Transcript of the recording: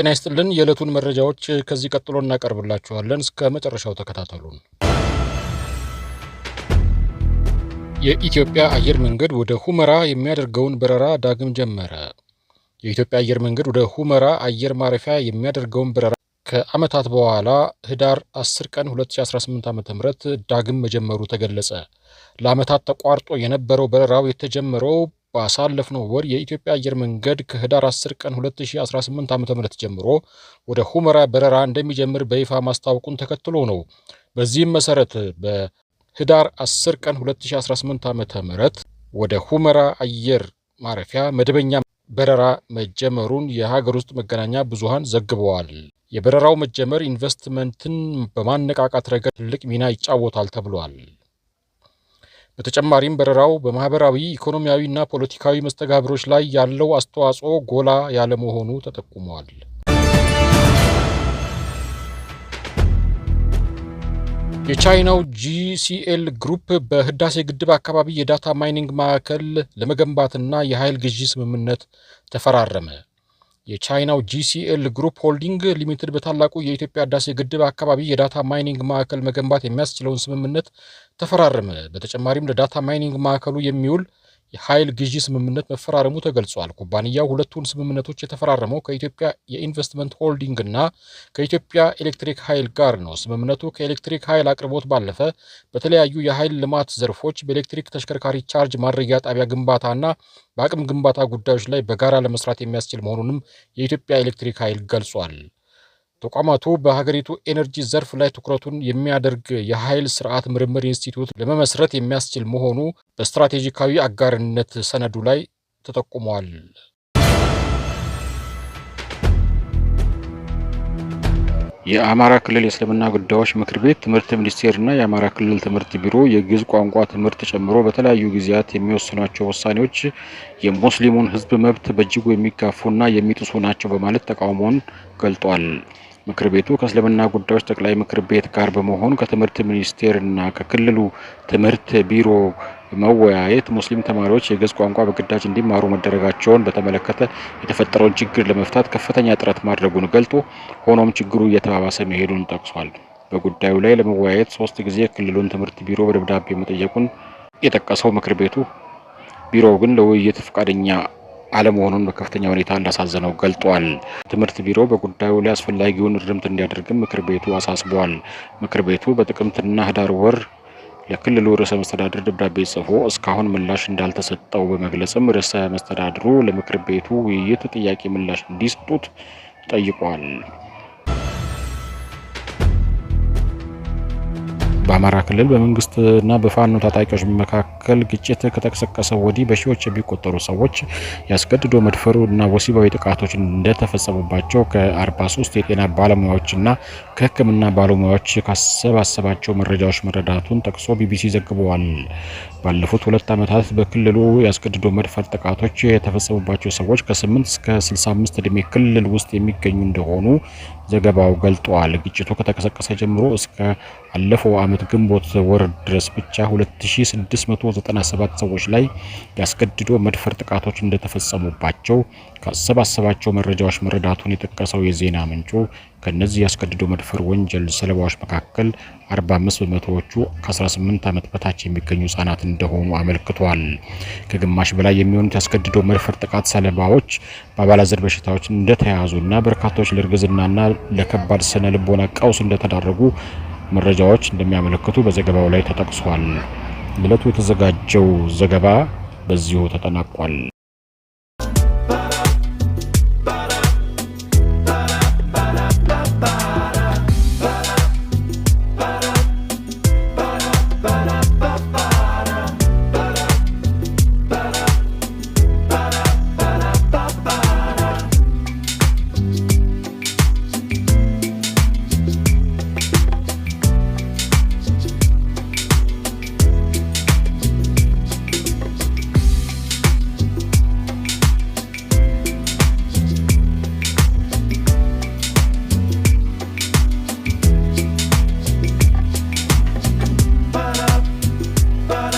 ጤና ይስጥልን። የዕለቱን መረጃዎች ከዚህ ቀጥሎ እናቀርብላችኋለን። እስከ መጨረሻው ተከታተሉን። የኢትዮጵያ አየር መንገድ ወደ ሁመራ የሚያደርገውን በረራ ዳግም ጀመረ። የኢትዮጵያ አየር መንገድ ወደ ሁመራ አየር ማረፊያ የሚያደርገውን በረራ ከዓመታት በኋላ ህዳር 10 ቀን 2018 ዓ.ም ዳግም መጀመሩ ተገለጸ። ለዓመታት ተቋርጦ የነበረው በረራው የተጀመረው ባሳለፍነው ወር የኢትዮጵያ አየር መንገድ ከህዳር 10 ቀን 2018 ዓ ም ጀምሮ ወደ ሁመራ በረራ እንደሚጀምር በይፋ ማስታወቁን ተከትሎ ነው። በዚህም መሰረት በህዳር 10 ቀን 2018 ዓ ም ወደ ሁመራ አየር ማረፊያ መደበኛ በረራ መጀመሩን የሀገር ውስጥ መገናኛ ብዙሃን ዘግበዋል። የበረራው መጀመር ኢንቨስትመንትን በማነቃቃት ረገድ ትልቅ ሚና ይጫወታል ተብሏል። በተጨማሪም በረራው በማህበራዊ ኢኮኖሚያዊና ፖለቲካዊ መስተጋብሮች ላይ ያለው አስተዋጽኦ ጎላ ያለ መሆኑ ተጠቁሟል። የቻይናው ጂሲኤል ግሩፕ በህዳሴ ግድብ አካባቢ የዳታ ማይኒንግ ማዕከል ለመገንባትና የኃይል ግዢ ስምምነት ተፈራረመ። የቻይናው ጂሲኤል ግሩፕ ሆልዲንግ ሊሚትድ በታላቁ የኢትዮጵያ ህዳሴ ግድብ አካባቢ የዳታ ማይኒንግ ማዕከል መገንባት የሚያስችለውን ስምምነት ተፈራረመ። በተጨማሪም ለዳታ ማይኒንግ ማዕከሉ የሚውል የኃይል ግዢ ስምምነት መፈራረሙ ተገልጿል። ኩባንያው ሁለቱን ስምምነቶች የተፈራረመው ከኢትዮጵያ የኢንቨስትመንት ሆልዲንግ እና ከኢትዮጵያ ኤሌክትሪክ ኃይል ጋር ነው። ስምምነቱ ከኤሌክትሪክ ኃይል አቅርቦት ባለፈ በተለያዩ የኃይል ልማት ዘርፎች በኤሌክትሪክ ተሽከርካሪ ቻርጅ ማድረጊያ ጣቢያ ግንባታ እና በአቅም ግንባታ ጉዳዮች ላይ በጋራ ለመስራት የሚያስችል መሆኑንም የኢትዮጵያ ኤሌክትሪክ ኃይል ገልጿል። ተቋማቱ በሀገሪቱ ኤነርጂ ዘርፍ ላይ ትኩረቱን የሚያደርግ የኃይል ስርዓት ምርምር ኢንስቲትዩት ለመመስረት የሚያስችል መሆኑ በስትራቴጂካዊ አጋርነት ሰነዱ ላይ ተጠቁሟል። የአማራ ክልል የእስልምና ጉዳዮች ምክር ቤት ትምህርት ሚኒስቴርና የአማራ ክልል ትምህርት ቢሮ የግዕዝ ቋንቋ ትምህርት ጨምሮ በተለያዩ ጊዜያት የሚወስኗቸው ውሳኔዎች የሙስሊሙን ሕዝብ መብት በእጅጉ የሚጋፉና የሚጥሱ ናቸው በማለት ተቃውሞውን ገልጧል። ምክር ቤቱ ከእስልምና ጉዳዮች ጠቅላይ ምክር ቤት ጋር በመሆን ከትምህርት ሚኒስቴርና ከክልሉ ትምህርት ቢሮ መወያየት ሙስሊም ተማሪዎች የግዕዝ ቋንቋ በግዳጅ እንዲማሩ መደረጋቸውን በተመለከተ የተፈጠረውን ችግር ለመፍታት ከፍተኛ ጥረት ማድረጉን ገልጦ ሆኖም ችግሩ እየተባባሰ መሄዱን ጠቅሷል። በጉዳዩ ላይ ለመወያየት ሶስት ጊዜ ክልሉን ትምህርት ቢሮ በደብዳቤ መጠየቁን የጠቀሰው ምክር ቤቱ ቢሮው ግን ለውይይት ፈቃደኛ አለመሆኑን በከፍተኛ ሁኔታ እንዳሳዘነው ገልጧል። ትምህርት ቢሮ በጉዳዩ ላይ አስፈላጊውን እርምት እንዲያደርግም ምክር ቤቱ አሳስቧል። ምክር ቤቱ በጥቅምትና ህዳር ወር ለክልሉ ርዕሰ መስተዳድር ደብዳቤ ጽፎ እስካሁን ምላሽ እንዳልተሰጠው በመግለጽም ርዕሰ መስተዳድሩ ለምክር ቤቱ ውይይት ጥያቄ ምላሽ እንዲሰጡት ጠይቋል። በአማራ ክልል በመንግስትና በፋኖ ታጣቂዎች መካከል ግጭት ከተቀሰቀሰ ወዲህ በሺዎች የሚቆጠሩ ሰዎች ያስገድዶ መድፈሩ እና ወሲባዊ ጥቃቶች እንደተፈጸሙባቸው ከ43 የጤና ባለሙያዎችና ከሕክምና ባለሙያዎች ካሰባሰባቸው መረጃዎች መረዳቱን ጠቅሶ ቢቢሲ ዘግበዋል። ባለፉት ሁለት ዓመታት በክልሉ ያስገድዶ መድፈር ጥቃቶች የተፈጸሙባቸው ሰዎች ከ8 እስከ 65 ዕድሜ ክልል ውስጥ የሚገኙ እንደሆኑ ዘገባው ገልጧል። ግጭቱ ከተቀሰቀሰ ጀምሮ እስከ አለፈው ዓመት ግንቦት ወር ድረስ ብቻ 2697 ሰዎች ላይ ያስገድዶ መድፈር ጥቃቶች እንደተፈጸሙባቸው ካሰባሰባቸው መረጃዎች መረዳቱን የጠቀሰው የዜና ምንጩ ከነዚህ ያስገድዶ መድፈር ወንጀል ሰለባዎች መካከል 45 በመቶዎቹ ከ18 ዓመት በታች የሚገኙ ህጻናት እንደሆኑ አመልክቷል። ከግማሽ በላይ የሚሆኑት ያስገድዶ መድፈር ጥቃት ሰለባዎች በአባላዘር በሽታዎች እንደተያዙና በርካቶች ለእርግዝናና ለከባድ ስነ ልቦና ቀውስ እንደተዳረጉ መረጃዎች እንደሚያመለክቱ በዘገባው ላይ ተጠቅሷል። ለዕለቱ የተዘጋጀው ዘገባ በዚሁ ተጠናቋል። but